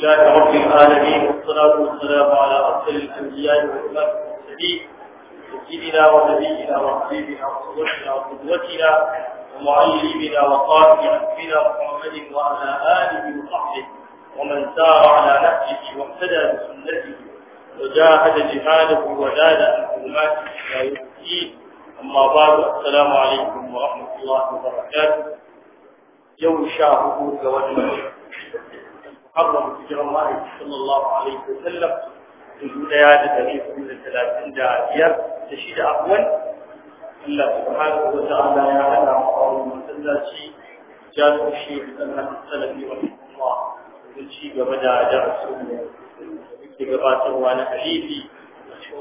لله رب العالمين والصلاة والسلام على أفضل الأنبياء والإمام المرسلين سيدنا ونبينا وحبيبنا وصدقنا وقدوتنا ومعلمنا وقاتل عبدنا محمد وعلى آله وصحبه ومن سار على نهجه واهتدى بسنته وجاهد جهاده وزاد عن حرماته إلى يوم الدين أما بعد السلام عليكم ورحمة الله وبركاته يوم شاهدوا كوالمسلمين حرم هجر الله صلى الله عليه وسلم تجود يا دليل من الثلاثين داعية تشيد أقوال الله سبحانه وتعالى يا أنا وقال المسلسل شيء جاء الشيخ أنه السلفي رحمه الله وشيء بدا جاء السنة بقباته وأنا حليفي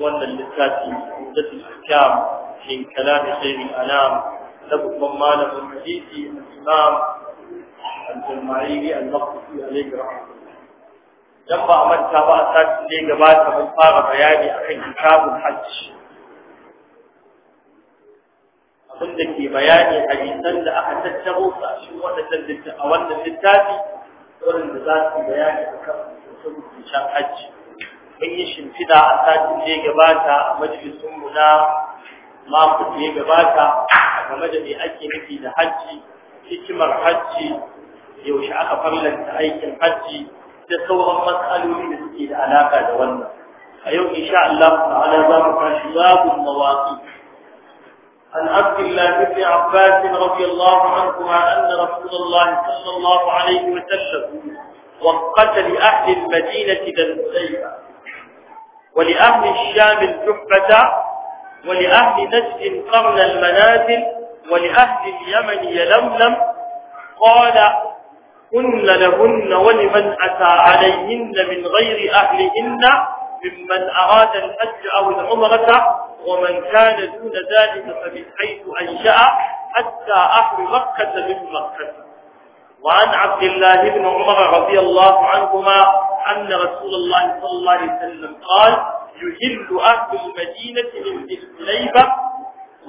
وأن اللساتي مدة الأحكام من كلام خير الأنام لبقى ماله الحديث الإمام al-Jumairi al-Maqdisi alayhi rahmatullah dan ba manta ba a sati ne gabata mun fara bayani akan kitabul hajj abin da ke bayani a hadisan da aka tattabo su a cikin waɗannan littafi a wannan littafi wurin da za su bayani akan hukuncin shan hajji mun yi shimfida a sati ne gabata a majalisunmu na mako ne gabata game da me ake nufi da hajji hikimar hajji yaushe aka farlanta aikin hajji da sauran matsaloli da suke da alaka da wannan a yau insha Allah ta'ala za mu tashi babun mawaqi an Abdullah ibn Abbas radiyallahu anhu anna Rasulullah sallallahu alaihi wa sallam وقت لأهل المدينة ذا الزيبة ولأهل الشام الجحبة ولأهل نجد قرن المنازل ولأهل اليمن يلملم قال كن لهن ولمن أتى عليهن من غير أهلهن ممن أراد الحج أو العمرة ومن كان دون ذلك فمن حيث أنشأ حتى أهل مكة من مكة وعن عبد الله بن عمر رضي الله عنهما أن رسول الله صلى الله عليه وسلم قال يهل أهل المدينة من الكليبة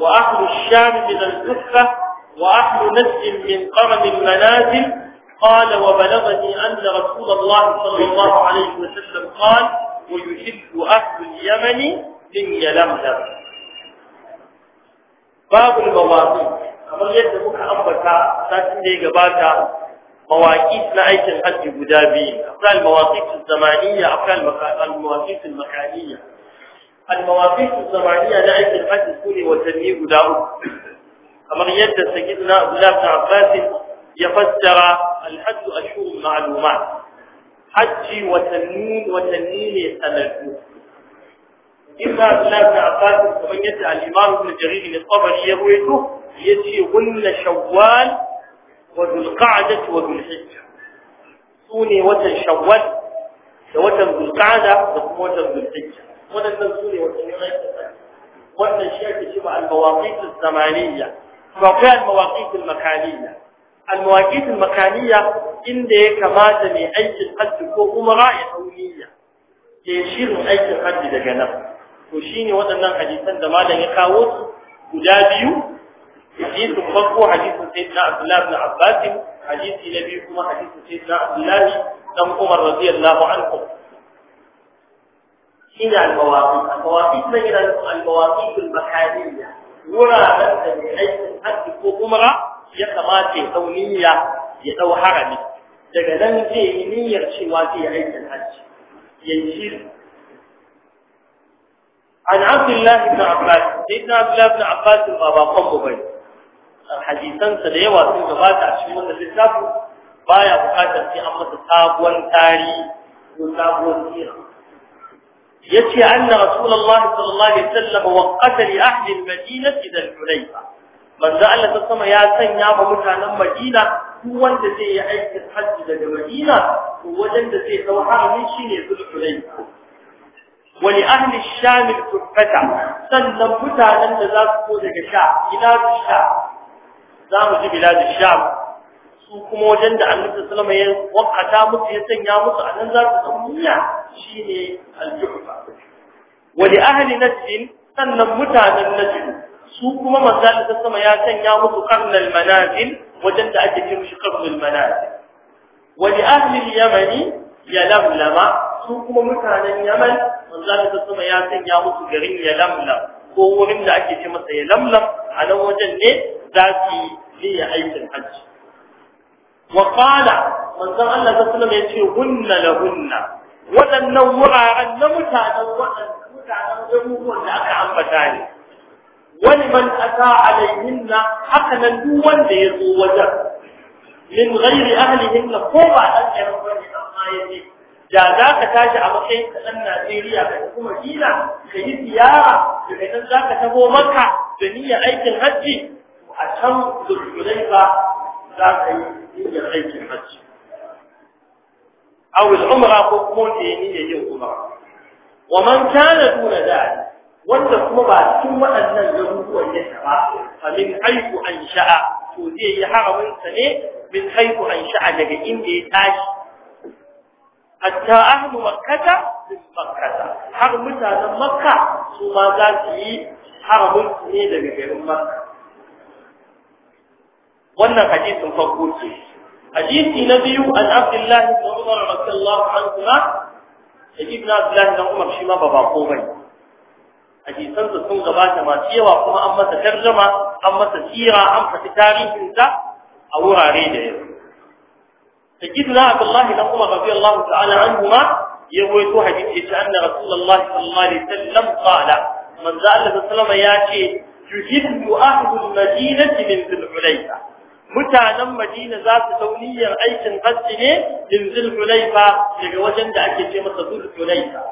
وأهل الشام من الكفة وأهل نجد من قرن المنازل قال وبلغني أن رسول الله صلى الله عليه وسلم قال ويحب أهل اليمن من يلملم باب المواقيت kamar yadda muka ambata satin da ya gabata mawaƙi na aikin hajji guda biyu akwai al-mawaqitul zamaniyya akwai al-mawaqitul makaniyya al-mawaqitul zamaniyya na aikin hajji sune watanni guda uku kamar yadda sayyidina Abdullah bin Abbas ya fassara الحج أشهر معلومات حج وتنين وتنين سنة إما الله تعفاته ومن الإمام ابن جرير الطبري يرويته يجي غن شوال وذو القعدة وذو الحجة سوني وتن شوال وتن ذو القعدة وتن ذو الحجة وتن سوني وتن غير وتن شاكي شبع المواقيت الزمانية وكان مواقيت المكانية المواقيت المكانية إن كما كمات من القد كو أمراء أولية يشير من أيك القد ده جنب وشيني وضعنا حديثاً ده مالا يقاوت أولادي حديث الفقو حديث سيدنا عبد الله بن عباس حديث نبيكم حديث سيدنا عبد الله نم أمر رضي الله عنه هنا المواقيت المواقيت من المواقيت المكانية ورا أنت من أيك القد كو kamata ya dau niyya ya dau harami daga nan zai yi niyyar cewa zai aikin hajji na عن عبد الله بن عباس سيدنا عبد الله بن عباس ما باقم hadisansa da yawa sun gabata a cikin wannan littafin baya bukatar sai an masa sabuwar tarihi ko sabuwar sira yace anna rasulullahi sallallahu alaihi wasallam waqata li ahli al-madinah idha al manzo Allah ta sama ya sanya wa mutanen Madina duk wanda zai yi aikin hajji daga Madina to wajen da zai dau haramin shine Zulhulayfa wa li ahli Sham al-Kuffata sannan mutanen da za su ko daga Sha ila Sha za mu ji bilad Sham su kuma wajen da Annabi ta alaihi wasallam ya wakata musu ya sanya musu anan za su san munya shine al-Juhfa wa li ahli Najd sannan mutanen Najd su kuma manzali ta sama ya sanya musu karnal manazil wajen da ake cin shi karnal manazil wa li ahli yamani ya lamlama su kuma mutanen yaman manzali ta sama ya sanya musu garin ya lamlam ko wurin da ake ce masa ya lamlam a nan wajen ne za su yi aikin hajji wa qala manzon Allah ta sallama ya ce hunna lahunna waɗannan wuraren na mutanen waɗannan mutanen garuruwan da aka ambata ne wani man ata alaihinna haka nan duk wanda ya zo wajen min ghairi na ko ba dan ɗan bane amma yaje da za ka tashi a matsayin ka ɗan Najeriya ka kuma Madina ka yi ziyara daga nan za ka taho maka da niyyar aikin hajji a can ba za ka yi niyyar aikin hajji ko أو العمرة قومون إينية يوم عمرة ومن كان دون ذلك wanda kuma ba cikin waɗannan garuruwan ya ba fa min haiku an sha'a to zai yi haramin sa ne min haiku an sha'a daga inda ya tashi hatta ahlu makkata min makkata har mutanen makka su ma za su yi haramin su ne daga garin makka wannan hadisin farko ce hadisi na biyu an abdullahi ibn umar radiyallahu anhu na ibn abdullahi ibn umar shi ma ba bako bane hadisan da sun gabata masu yawa kuma an masa tarjama an masa tsira an faɗi tarihin sa a wurare da yau sayyidina abdullah dan umar radiyallahu ta'ala anhuma ya waito hadisi ta anna rasulullahi sallallahu alaihi wasallam qala manzo Allah ya ce yuhibbu ahlul madinati min dhul hulayfa mutanen madina za su dauniyar aikin hajji ne min dhul daga wajen da ake ce masa dhul hulayfa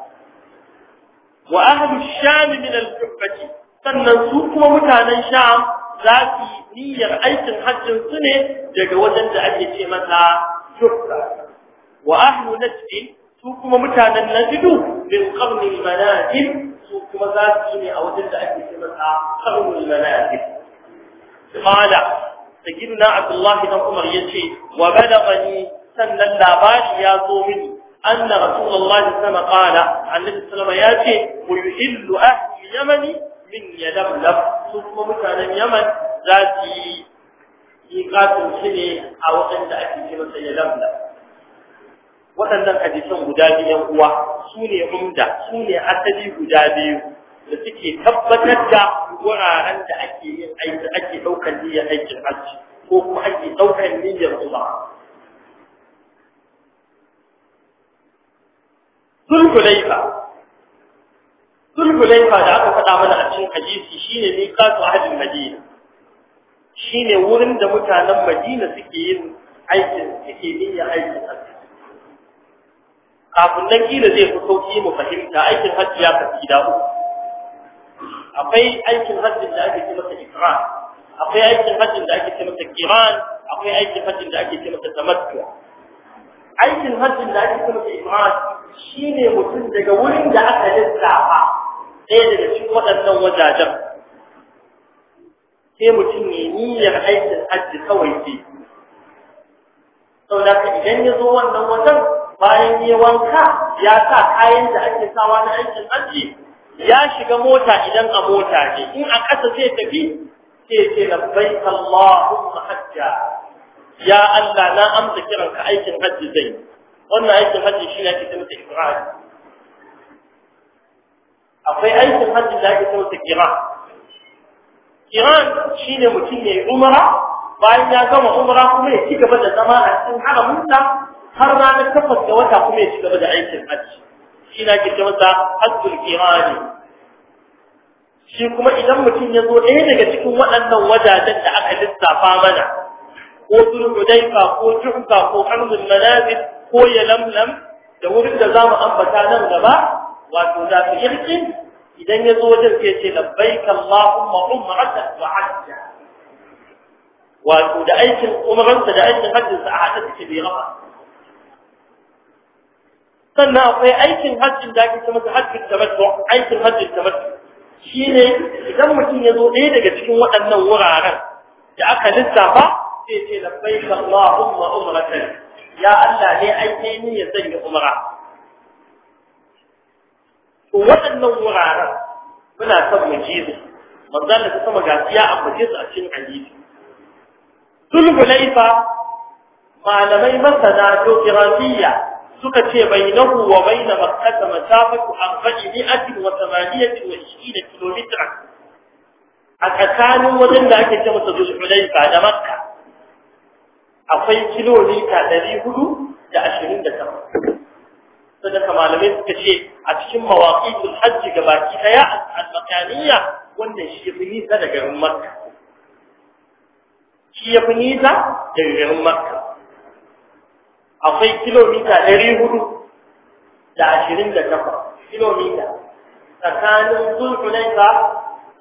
wa ahlu sham min al-jubbati sannan su kuma mutanen sham za su niyyar aikin hajjin su ne daga wajen da ake ce masa jubba wa ahlu najd su kuma mutanen najd min qarn al-manazil su kuma za su ne a wajen da ake ce masa qarn al-manazil qala sayyidina abdullahi dan umar yace wa balagani sannan labari ya zo mini أن رسول الله صلى الله عليه وسلم قال عن النبي صلى الله عليه وسلم ويحل أهل اليمن من يلملم ثم مكان اليمن ذاتي يقاتل شيء أو عند أكل كما يلملم waɗannan hadisan guda biyan uwa su ne umda su ne asali guda biyu da suke tabbatar da wuraren da ake yin aiki ake ɗaukar niyyar aikin hajji ko kuma ake ɗaukar niyyar sulhulaifa sulhulaifa da aka faɗa mana a cikin hadisi shine ne kasu ahadin madina shine wurin da mutanen madina suke yin aikin suke yin aikin kafin nan kila zai fi sauki mu fahimta aikin hajji ya kafi gida uku akwai aikin hajjin da ake ce masa ikram akwai aikin hajjin da ake ce masa kiran akwai aikin hajjin da ake ce masa tamattu aikin hajjin da ake ce masa ikram shi ne mutum daga wurin da aka lissafa ɗaya daga cikin waɗannan wajajen sai mutum ne niyyar aikin hajji kawai ce Sau saboda idan ya zo wannan wajen bayan ya wanka ya sa kayan da ake sawa na aikin hajji ya shiga mota idan a mota ne in a ƙasa zai tafi sai ce bai Allahumma hajja ya Allah na amsa kiranka aikin hajji zai wannan aikin hajji shi ne ake kira da ifrad akwai aikin hajji da ake kira da kira kiran shi ne mutum ya yi umara bayan ya gama umara kuma ya ci gaba da zama a cikin haramunsa har ranar takwas ga wata kuma ya ci gaba da aikin hajji shi na ke masa hajjul kirani shi kuma idan mutum ya zo ɗaya daga cikin waɗannan wajajen da aka lissafa mana ko zulhudaifa ko juhfa ko hamzul manazil ko ya lamlam da wurin da za mu ambata nan gaba wato da su irkin idan ya zo wajen sai ce labbaika Allahumma umrata wa hajja wato da aikin umranta da aikin sa a haɗa take bai rama sannan akwai aikin hajjin da ake masa hajjin tamattu aikin hajjin tamattu shine idan mutum ya zo ɗaya daga cikin waɗannan wuraren da aka lissafa sai ce labbaika Allahumma umrata ya Allah ne an kai ni ya sanya umra to waɗannan wuraren muna son mu ji su manzo Allah sama gaskiya a bace su a cikin hadisi zulhulaifa malamai masana geografiya suka ce bainahu wa baina makkah masafatu arba'i mi'atin wa thamaniyatin wa ishirina kilomitra a tsakanin wajen da ake ce masa zulhulaifa da makka akwai kilomita dari hudu da ashirin da tara. Sadaka malamai suka ce a cikin mawaƙi tun hajji ga baki ɗaya a makaniya wannan shi ya fi nisa da garin Makka. Shi ya fi nisa da garin Makka. Akwai kilomita dari hudu da ashirin da takwas kilomita tsakanin Zulhulaifa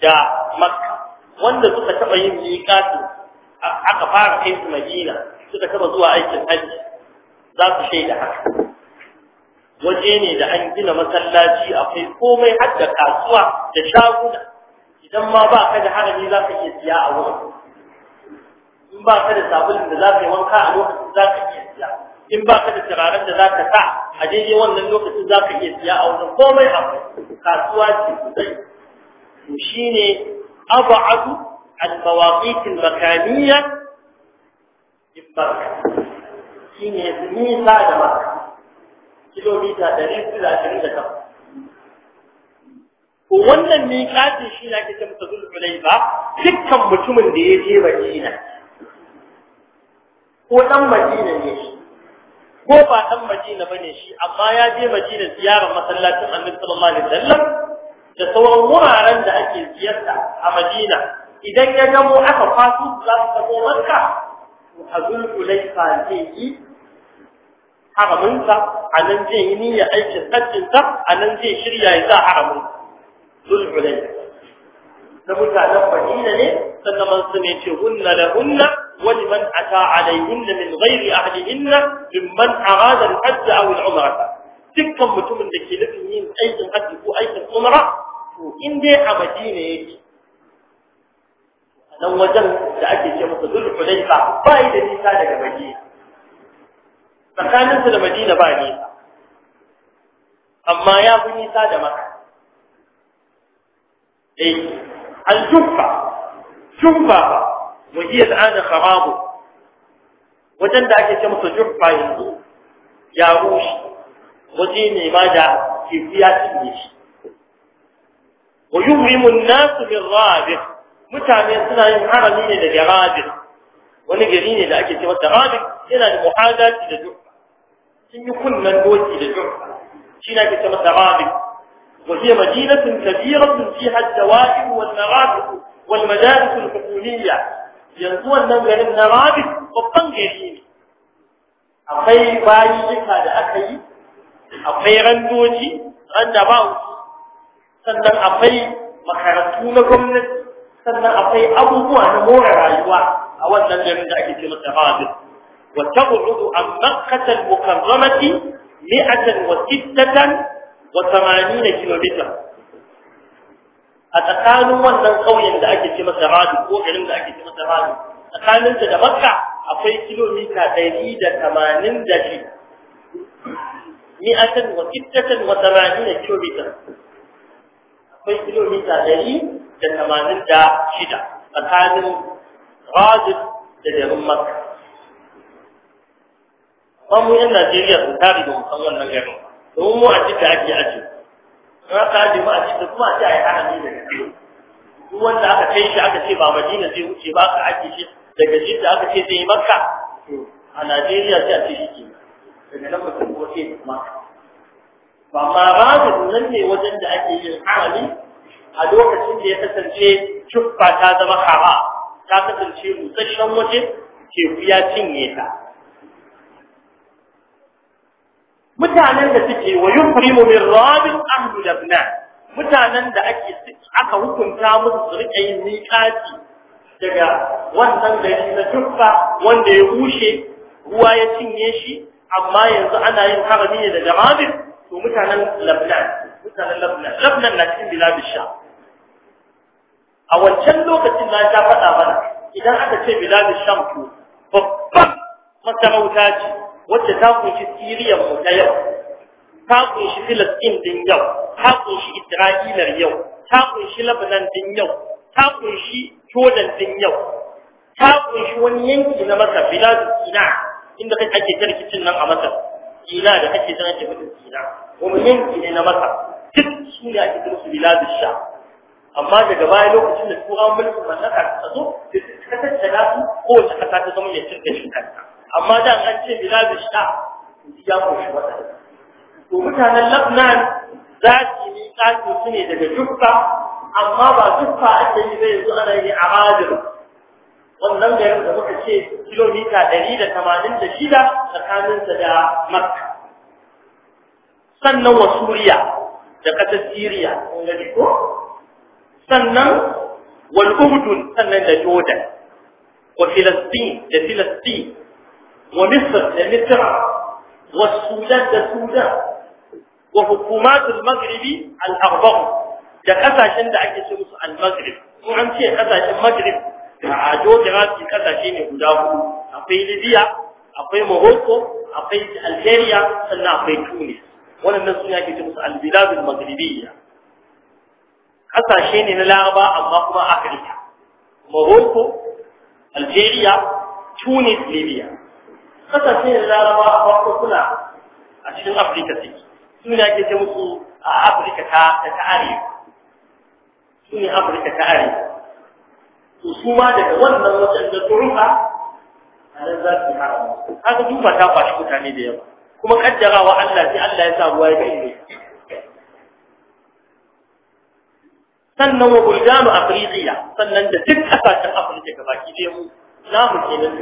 da Makka wanda suka taɓa yin miƙatin aka fara kai su madina suka taba zuwa aikin haji za su shaida haka waje ne da an gina masallaci akwai komai har da kasuwa da shaguna idan ma ba ka da harami za ka iya siya a wurin in ba ka da sabulin da za ka yi wanka a lokacin za ka iya siya in ba ka da turaren da za ka sa a daidai wannan lokacin za ka iya siya a wurin komai akwai kasuwa ce sosai to shine abu المواقيت المكانية في مكة شين يزمين بعد مكة كيلومتر دليل كل عشرين دقيقة wannan miƙatin shi na kita masa zulhulai ba dukkan mutumin da ya je madina ko ɗan madina ne shi ko ba ɗan madina ba shi amma ya je madina ziyarar masallacin annabi sallallahu da sauran wuraren da ake ziyarta a madina idan ya gamo aka kwaso su za su gamo makka a zulku laifa zai yi haraminsa a nan zai yi niyya aikin hajjinsa a nan zai shirya ya za haramun. zulku laifa na mutanen madina ne sannan man su ne ce hunna da hunna ولمن أتى عليهن من غير أهلهن ممن أراد الحج أو العمرة تلك متوم da ke nufin yin aikin hajji ko aikin umra to in dai a Madina yake nan wajen da ake ce masa zul hudaifa ba yi da nisa daga madina tsakaninsu da madina ba nisa amma ya fi nisa da maka eh al-jufa jufa ba wajiya ana kharabu wajen da ake ce masa jufa yanzu ya rushe waje ne ma da kifiya cinye shi ويهرم الناس بالرابع mutane suna yin harami ne da garabin wani gari ne da ake cewa garabin yana da muhadati da jufa sun yi kunnan doki da jufa shi ne ake cewa garabin وهي مدينة كبيرة فيها الدوائر والمرافق والمدارس الحكومية yanzu wannan garin na rabit babban gari ne akwai bayyuka da aka yi akwai randoji randa ba sannan akwai makarantu na gwamnati sannan akwai abubuwa na more rayuwa a wannan garin da ake ce masa Rabil wa tab'udu an Makkah al-mukarramati 186 kilomita. a tsakanin wannan ƙauyen da ake ce masa Rabil ko garin da ake ce masa Rabil tsakanin da Makka akwai kilomita da da tamanin shi. wa 186 186 kilometer akwai kilomita ɗari da tamanin da shida tsakanin rajin da garin maka ba mu yan najeriya sun tari da musan wannan garin domin mu a cika ake aji in ka aji mu a cika kuma a ce a yi harami da gaske duk wanda aka kai shi aka ce ba madina zai wuce ba aka aji shi daga shi da aka ce zai yi makka a najeriya sai a ce shi ke daga nan ba su ko sai maka ba ma ranar nan ne wajen da ake yin harami a lokacin da ya kasance cuffa ta zama kama ta kasance musasshen waje teku ya cinye ta mutanen da suke wa yukrimu min rabin ahlu labnan mutanen da ake aka hukunta musu su rike yin miƙati daga wannan gari na cuffa wanda ya bushe ruwa ya cinye shi amma yanzu ana yin harami ne daga rabin to mutanen Lebanon mutanen Lebanon Lebanon na cikin biladun sha a wancan lokacin na ta faɗa mana idan aka ce biladun sha to babban masarauta ce wacce ta kunshi Siriya mu ta yau ta kunshi Filistin din yau ta kunshi Isra'ilar yau ta kunshi Lebanon din yau ta kunshi Jordan din yau ta kunshi wani yanki na Masar biladun Sina inda kake kirkicin nan a Masar ila da ake zama ce mutum sila kuma yanki ne na masa duk su ne ake zama su da sha amma daga baya lokacin da turawan mulkin mallaka ta zo da ta tattara su kowace kasa ta zama mai cin gashin amma da an ce da sha ya shi wata. to mutanen lafnan za su yi miƙa su ne daga dukka, amma ba dukka ake yi zai zo ana yi a wannan garin da muka ce kilomita ɗari 186 tsakaninsa da makka sannan wa suriya da ƙasar siriya kun gani ko sannan wal urdun sannan da jordan wa filastin da filastin wa misr da misr wa sudan da sudan wa hukumatul maghribi al-arba'a da ƙasashen da ake ce musu al-maghrib ko an ce ƙasashen maghrib a geography kasashe ne guda hudu akwai libya akwai morocco akwai algeria sannan akwai tunis waɗannan sun yake ce musu albiladul maghribiyya kasashe ne na laraba amma kuma afirka morocco algeria tunis libya kasashe ne na laraba amma kuma suna a cikin afirka suke sun yake ta musu a afirka ta ta arewa su ne afirka ta arewa to su ma daga wannan waɗanda turuka a nan za su harama aka duba ta fashi mutane da yawa kuma kaddarawa Allah sai Allah ya sa ruwa ya ne sannan wa buljanu afrijiya sannan da duk ƙasashen afirka ga baki ɗaya mu za mu ke nan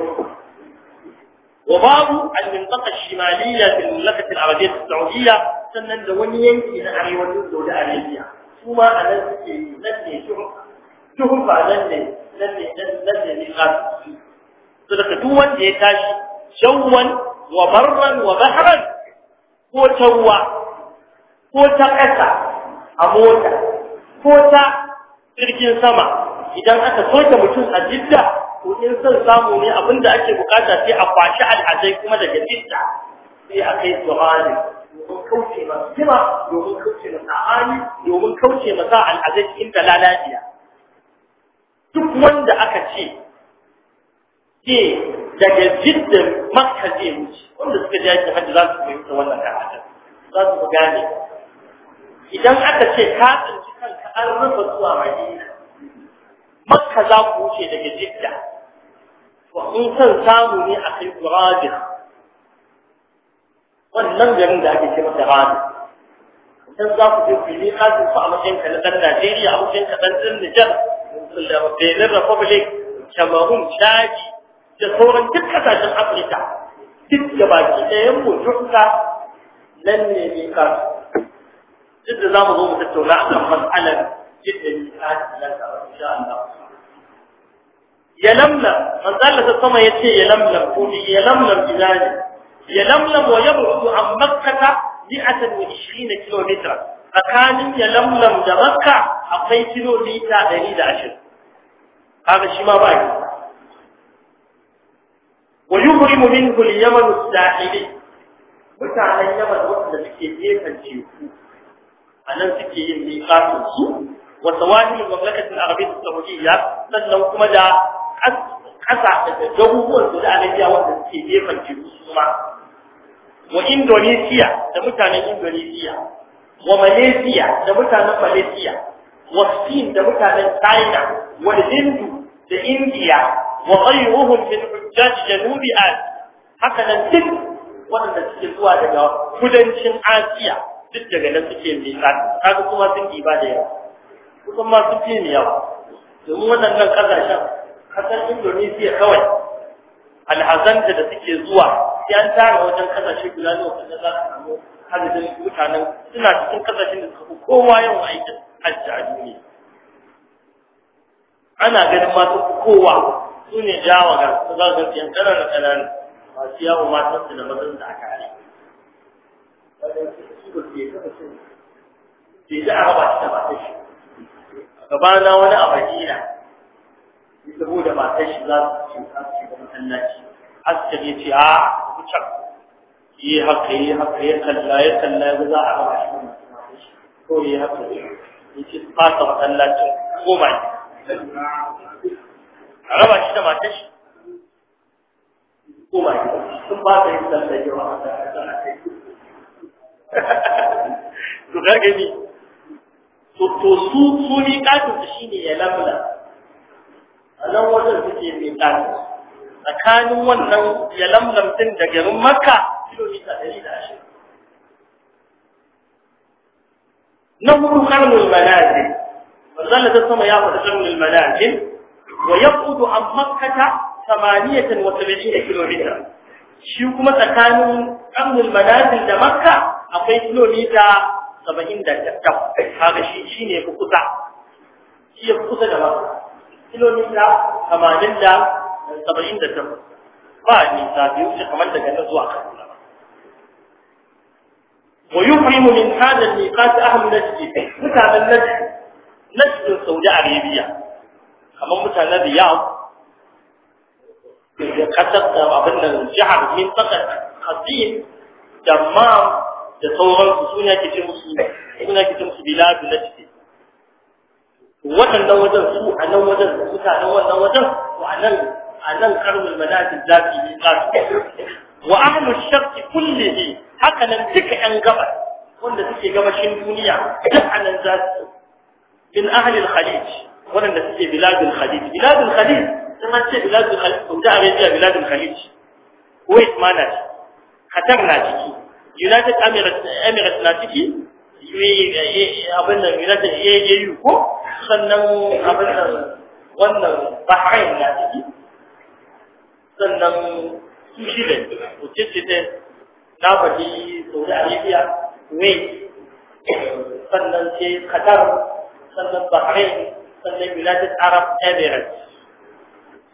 wa babu al-mintaqa shimaliyya fi al-mamlakati al-arabiyya as-saudiyya sannan da wani yanki na arewacin saudi arabiya su ma a nan suke nan ne ba nan ne nan ne nan ne ne to daga duk wanda ya tashi shawwan wa barran wa bahran ko tawwa ko ta ƙasa a mota ko ta jirgin sama idan aka soke mutum a jidda ko in son samu ne da ake bukata sai a kwashi al'adai kuma daga jidda sai a kai su hali domin kauce masu jima domin kauce masa hali domin kauce masa al'adai cikin da lalaciya duk wanda aka ce ke daga jidda maka zai wuce wanda suka ji aikin hajji za su fahimta wannan karatun za su ku gane idan aka ce ka tsinci kanka an rufe zuwa madina maka za ku wuce daga jidda to in san samu ne a kai gurabin wannan garin da ake ce masa rabin idan za ku je ku yi su ku a matsayin ka na ɗan najeriya a matsayin ka ɗan ɗan nijar da Benin Republic, Cameroon, Chadi, da sauran duk kasashen Afirka, duk da baki ɗayan mu duka nan ne ne ka. Duk da za mu zo mu tattauna a kan matsalar yadda ne ka haɗi nan da insha Allah. Ya lamla, manzala ta sama ya ce ya lamla. ko ya lamla. ina Ya lamla wa ya buɗu an makkata 120 wa ishirin tsakanin ya lamlam da makka akwai lita ɗari da ashirin kaga shi ma ba yi wa yuhrimu minhu al-yaman as-sahili mutanen yaman wanda suke gefen teku a nan suke yin miƙatun su wa sawahil mamlakatin arabiyyat saudiyya sannan kuma da ƙasa da jagogon su da arabiya wanda suke gefen teku su ma wa indonesia da mutanen indonesia wa Malaysia da mutanen Malaysia wa Spain da mutanen China wa Hindu da India wa ghayruhum min hujjaj da Asiya haka nan duk waɗanda suke zuwa daga kudancin Asiya duk daga nan suke miƙat kaga kuma sun diba da yawa Kusan ma sun fi yawa domin waɗannan ƙasashen kasar Indonesia kawai alhazanta da suke zuwa sai an tara wajen kasashe guda nawa wanda za su samu hadisin mutanen suna cikin kasashen da suka fi kowa yawan aikin hajji a duniya ana ganin masu kowa su ne jawa ga su za ga yankara da ƙananan masu yawon matan su da mazan da aka yi bai ji a raba shi da matan shi gabana wani abadina saboda ba matar shi za su ce za su shiga masallaci askar ya ce a wuce yi haka yi haka ya kalla ya kalla ya za a ba shi ba ko yi haka ya ce fasa masallacin ko ba ne a raba shi da matar shi ko ba ne sun ba ta yi sallaci wa a kai to ga gani to su su ni katin shi ne ya lamla a nan wajen suke mai tsari tsakanin wannan ya lamlam din da garin makka kilomita ɗari da ashirin na hudu karnul manazil manzon ta sama ya faɗi karnul manazil wa yaqudu an makkata 78 kilomita shi kuma tsakanin karnul manazil da makka akwai kilomita 78 kaga shi shine kusa shi kusa da makka kilomita tamanin ba nisa biyu shi kamar daga nan zuwa kaduna ويحرم من هذا الميقات أهل نجد مثلا نجد نجد سوداء عربية أما مثلا رياض قتلت أبنى الجعر من فقط قديم دمام تصورا سنة كتير مسلمة سنة كتير مسلمة بلاد نجد waɗannan wajen su a nan wajen da mutanen wannan wajen to a nan a nan karnul manazil za su yi su wa ahlu sharqi kullihi haka nan duka yan gabar wanda suke gabashin duniya duk a nan za su min ahli al-khalij wanda suke biladul khalij biladul khalij kuma ce biladul khalij ko da arabiya biladul khalij ko ismana qatar na ciki united emirates emirates na ciki abin da mira da yi ko sannan abin da wannan Bahrain na ciki sannan su shida wacce ta na faɗi Saudi Arabia Kuwait sannan sai Qatar sannan Bahrain sannan United Arab Emirates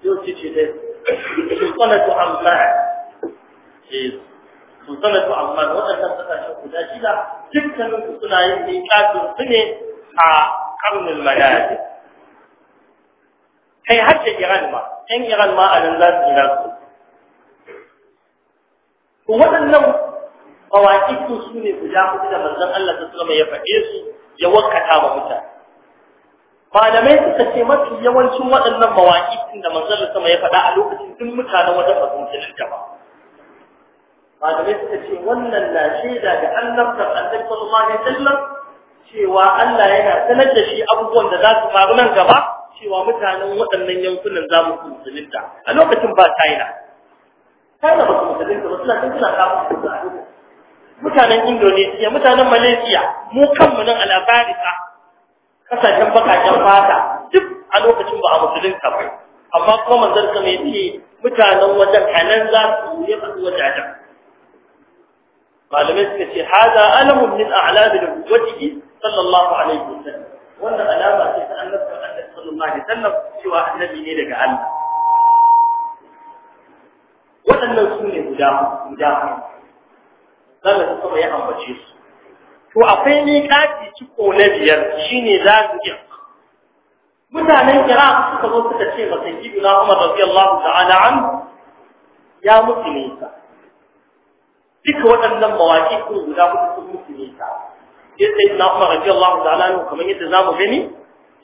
yau ce ce dai sultanatu amman su sanatu amma waɗannan kasashen guda shida dukkanin su suna yin miƙatun su ne a karnin madadi kai har da iran ma ɗan iran ma a nan za su ira su waɗannan mawaƙi su su ne guda hudu da manzon Allah ta sallama ya faɗe su ya wakata ma mutane malamai suka ce mafi yawancin waɗannan mawaƙi da manzon Allah sama ya faɗa a lokacin duk mutanen wajen ba su musulunta malamai suka ce wannan na shaida da annabtar annabi sallallahu alaihi wasallam cewa Allah yana sanar da shi abubuwan da za su faru nan gaba cewa mutanen waɗannan yankunan za mu musulunta a lokacin ba China China ba su musulunta ba suna suna kawo mutanen Indonesia mutanen Malaysia mu kanmu nan al'abarika kasashen bakaken fata duk a lokacin ba a musulunta ba amma kuma manzon mai ce mutanen wajen kanan za su yi a wajajen malamai suka ce hada alamun min a'lami da wajhi sallallahu alaihi wasallam wannan alama ce ta annabi sallallahu alaihi wasallam cewa annabi ne daga Allah waɗannan su ne guda guda zalla ta kuma ya ambace su to akwai miƙati ciko na biyar shine zakiya mutanen Iraq suka zo suka ce masa Ibn Umar radiyallahu ta'ala an ya mutu ne duka waɗannan mawaƙi ko guda hudu sun mutu ne ta sai sai na Umar radiyallahu ta'ala anhu kamar yadda za mu gani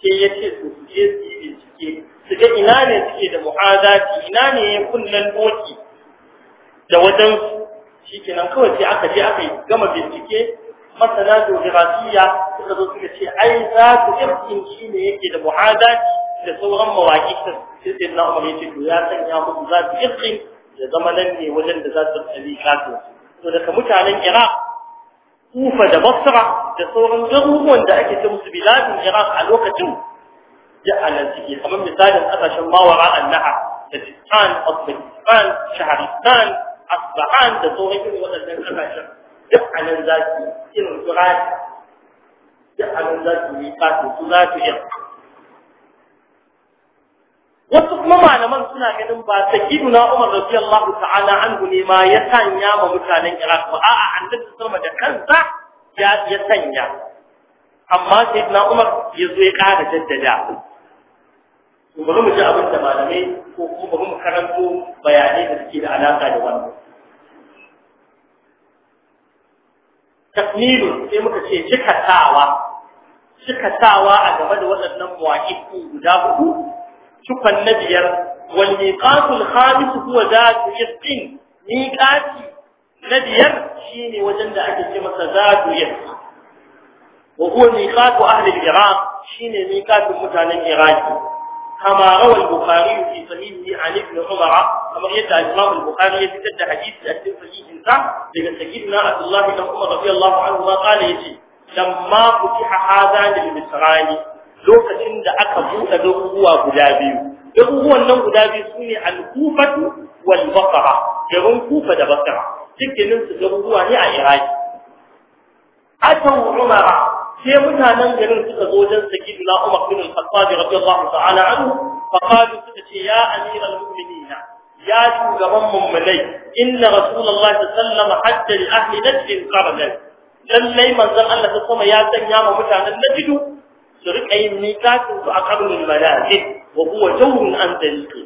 Ke ya ce su je su yi bincike su ga ina ne suke da mu'azati ina ne kunnan doki da wajen shikenan kawai sai aka je aka gama bincike masana geografiya suka zo suka ce ai za ku irkin shi ne yake da mu'adati da sauran mawaƙi sai sai na Umar ya ce to ya sanya musu za su irkin ya zama nan ne wajen da za su tsali kasuwa to daga mutanen iraq kufa da basra da sauran garuruwan da ake ta musu biladin iraq a lokacin da anan suke kamar misalin kasashen mawara annaha da sistan afghanistan Shahristan asbahan da sauran irin waɗannan kasashen duk anan za su irin turaki duk anan za su yi fatin su za su wasu kuma malaman suna ganin ba gidu na umar radiyallahu ta'ala an ne ma ya sanya ma mutanen iraq ba a'a annabi sama da kansa ya ya sanya amma sai na umar ya zo ya ƙara jaddada to bari mu ji abin da malamai ko kuma bari mu karanto bayanai da suke da alaka da wannan takmilu sai muka ce cikatawa cikatawa a game da waɗannan muwaƙi guda hudu شقا النبي والميقات الخامس هو ذات يسق ميقات نبيا شيني وجند أكل كما ذات يسق وهو ميقات أهل العراق شيني ميقات المتعنى العراق كما روى البخاري في صحيحه عن ابن عمر كما يدعى الإمام البخاري في كتاب حديث أكثر صحيح إنسان لأن سيدنا عبد الله بن عمر رضي الله عنهما قال يجي لما فتح هذا للمصراني lokacin da aka buɗe garuruwa guda biyu garuruwan nan guda biyu su ne al-kufatu wal basra garin kufa da basra dukkanin su garuruwa ne a iraki atau umara sai mutanen garin suka zo wajen sayyidina umar bin al-khattab radiyallahu ta'ala anhu fa qalu suka ce ya amiral mu'minin ya shugaban mummunai inna rasulullahi sallallahu alaihi wasallam hajja li ahli najd qarnan lallai manzon Allah ta sama ya sanya ma mutanen najd su rika yin miƙatin su a karnin manazil wa kuma jawrun an dalika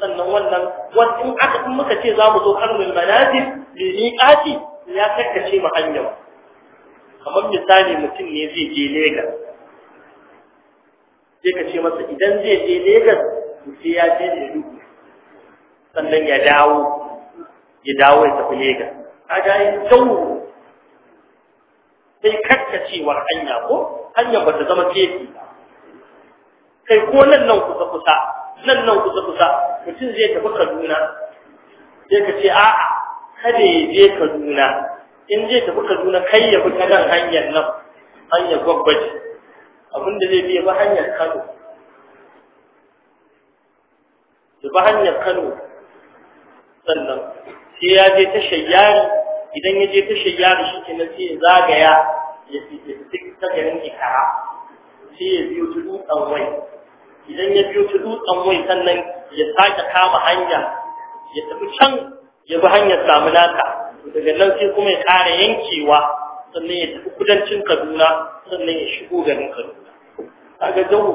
sannan wannan wasu aka in muka ce za mu zo karnin manazil bi miƙati ya kakkace mu hanyar kamar misali mutum ne zai je Legas sai ka ce masa idan zai je Legas sai ya je dubu. sannan ya dawo ya dawo ya tafi Legas kaga yin jawo sai kakkacewar hanya ko hanyar ba ta zama kefi kai ko nan nan kusa kusa nan nan kusa kusa mutum zai tafi kaduna sai ka ce a'a kada ya je kaduna in zai tafi kaduna kai ya fita nan hanyar nan hanyar abin abinda zai biya ba hanyar kano da ba hanyar kano sannan sai ya je ta shayyari idan ya je ta shayyari shi ke na sai ya zagaya ya fi ta garin ikara sai ya biyo ta dutsen wai idan ya biyo ta dutsen wai sannan ya sake kama hanya ya tafi can ya bi hanyar samu naka daga nan sai kuma ya ƙara yankewa sannan ya tafi kudancin kaduna sannan ya shigo garin kaduna kaga jawo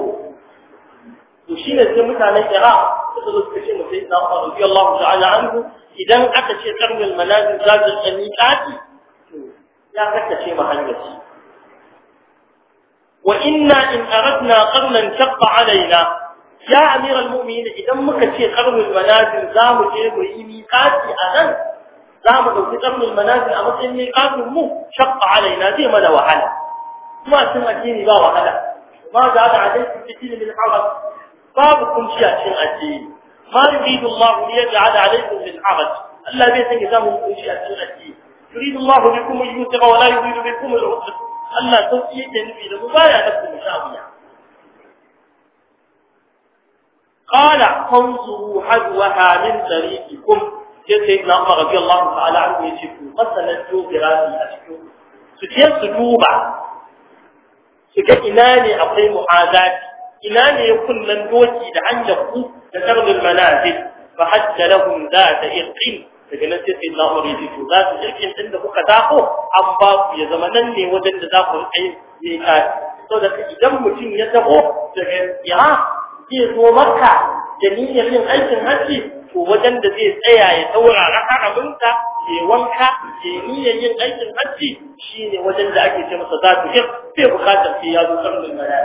to ne sai mutanen iraq suka zo suka ce mu sai da Allah radiyallahu ta'ala anhu idan aka ce karnul manazil zazil al to ya kaka ce ma وإنا إن أردنا قرنا شق علينا يا أمير المؤمنين إذا مكتشي قرن المنازل زام جيب وإيميقاتي أنا زام دوتي قرن المنازل أمس إيميقات مو شق علينا دي ملا وحلا ما سمعتيني لا وحلا ما زال عليكم كثير من الحرج بابكم شيء عشان أجيب ما يريد الله ليجعل عليكم من حرج الله بيسن يزامكم شيء عشان أجيب يريد الله بكم اليسر ولا يريد بكم العسر Allah sauki yake nufi da mu baya nafsu mushawiya qala fanzuru hadwaha min tariqikum yace na Umar radiyallahu ta'ala anhu yace ku masalan jogirafi a cikin su je su duba su ga ina ne akwai mu'azati ina ne kunnan doki da hanyar ku da tarbil manazil fa hajja lahum zata irqin daga nan sai sai na umar yace to za ku jirgin din da kuka dako an ba ku ya zama nan ne wajen da za ku kai ne ka to da idan mutum ya taho daga ya zai zo makka da niyyar yin aikin haji to wajen da zai tsaya ya taurara haraminka ke wanka ke niyyar yin aikin haji shine wajen da ake ce masa za ku yi sai bukatar sai ya zo kan da ya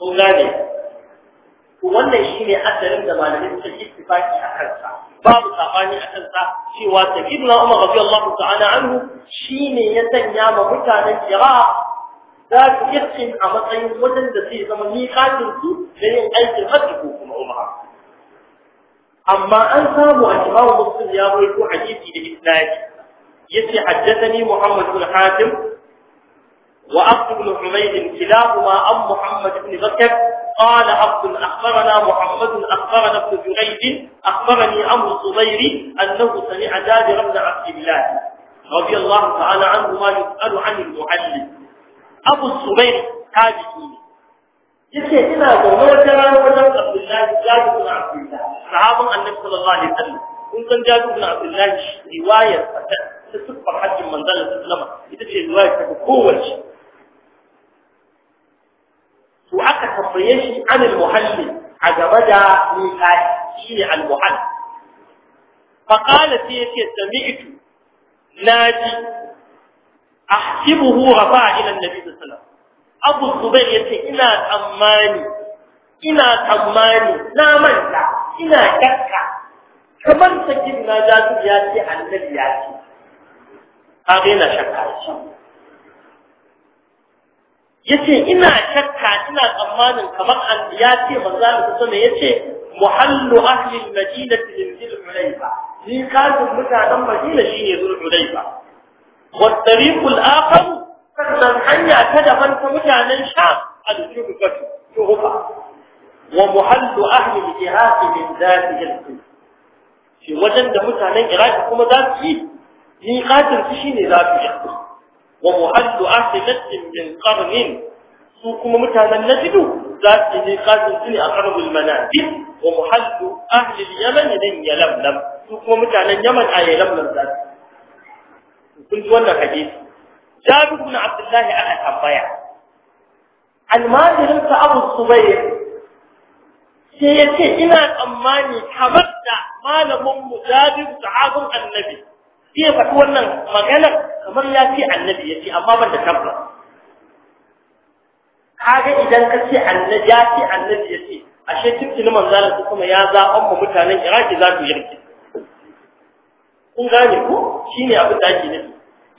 Kun gane, to wannan shine asalin da malamin suka ittifaki a kansa babu sabani a kansa cewa sayyidina Umar radiyallahu ta'ala anhu shine ya sanya ma mutanen kira za su a matsayin wajen da zai zama su da yin aikin hajji ko kuma Umar. amma an samu a jimawa Muslim ya rawaito hadisi da isnadi yace haddathani Muhammad bin Hatim وعبد بن حميد كلاهما أم محمد بن بكر قال عبد أخبرنا محمد أخبرنا ابن جريج أخبرني عمرو الزبيري أنه سمع جابر بن عبد الله رضي الله تعالى عنه ما يسأل عن المعلم أبو الزبير تابعي yace ina zaune wata rana wajen Abdullahi Jabir bin Abdullah sahabban Annabi sallallahu alaihi wasallam kun san Jabir bin riwayar ta ta sifar hajjin manzon Allah ita ce riwayar ta kowace to aka tambaye shi an al-muhalli a game da miqati shine al-muhall fa qala sai yace sami'tu naji ahsibuhu rafa ila annabi sallallahu alaihi wasallam abu zubair yace ina tsammani ina tsammani na manta ina shakka kamar sakin na jazu ya ce annabi ya ce ka yace ina shakka ina tsammanin kamar an ya ce manzo Allah sama yace muhallu ahli al-madinati min dhul-hulayfa ni kafin mutanen madina shine dhul-hulayfa wa tariq al-akhar sannan hanya ta daban ta mutanen sham al-jufa jufa wa muhallu ahli al-jihad min dhatihi al-qud shi wajen da mutanen iraki kuma za su yi ni kafin shine za su yi wa muhallu ahli min qarnin su kuma mutanen najd za su yi kasin su ne a karbul manadin wa muhallu ahli yaman din yalamlam su kuma mutanen yaman a yalamlam za su kun ji wannan hadisi jabi ibn abdullah aka tambaya almajirin sa abu subayr sai ya ce ina tsammani kamar da malamin jabi sahabin annabi sai ya faɗi wannan maganar kamar ya ce annabi ya ce amma ban da tabbas kaga idan ka ce annabi ya ce annabi ya ce ashe tuntuni manzalar su kuma ya zaɓan mu mutanen iraki za su yarki kun gane ko shine abin da ake nufi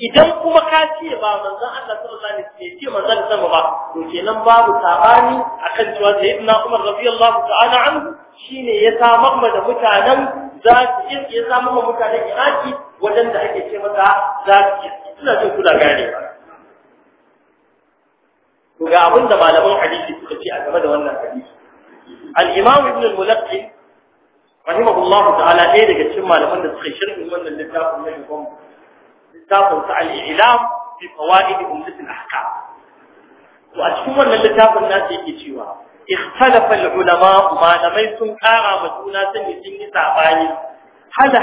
idan kuma ka ce ba manzon Allah sallallahu alaihi wasallam ce manzon sama ba to kenan babu sabani akan cewa sayyidina Umar radiyallahu ta'ala anhu shine ya samar da mutanen za su ya samar mutanen Iraki wajen da ake ce mata zakiya suna jin kuna gane ba to ga abin da malaman hadisi suka ce a game da wannan hadisi al-imam ibn al-mulaqqi rahimahullah ta'ala ɗaya daga cikin malaman da suka sharhi wannan littafin na Imam littafin sa al-ilam fi fawaid umdat al-ahkam to a cikin wannan littafin na ce yake cewa ikhtalafa al-ulama malamai sun kara ma juna sun yi sabani hal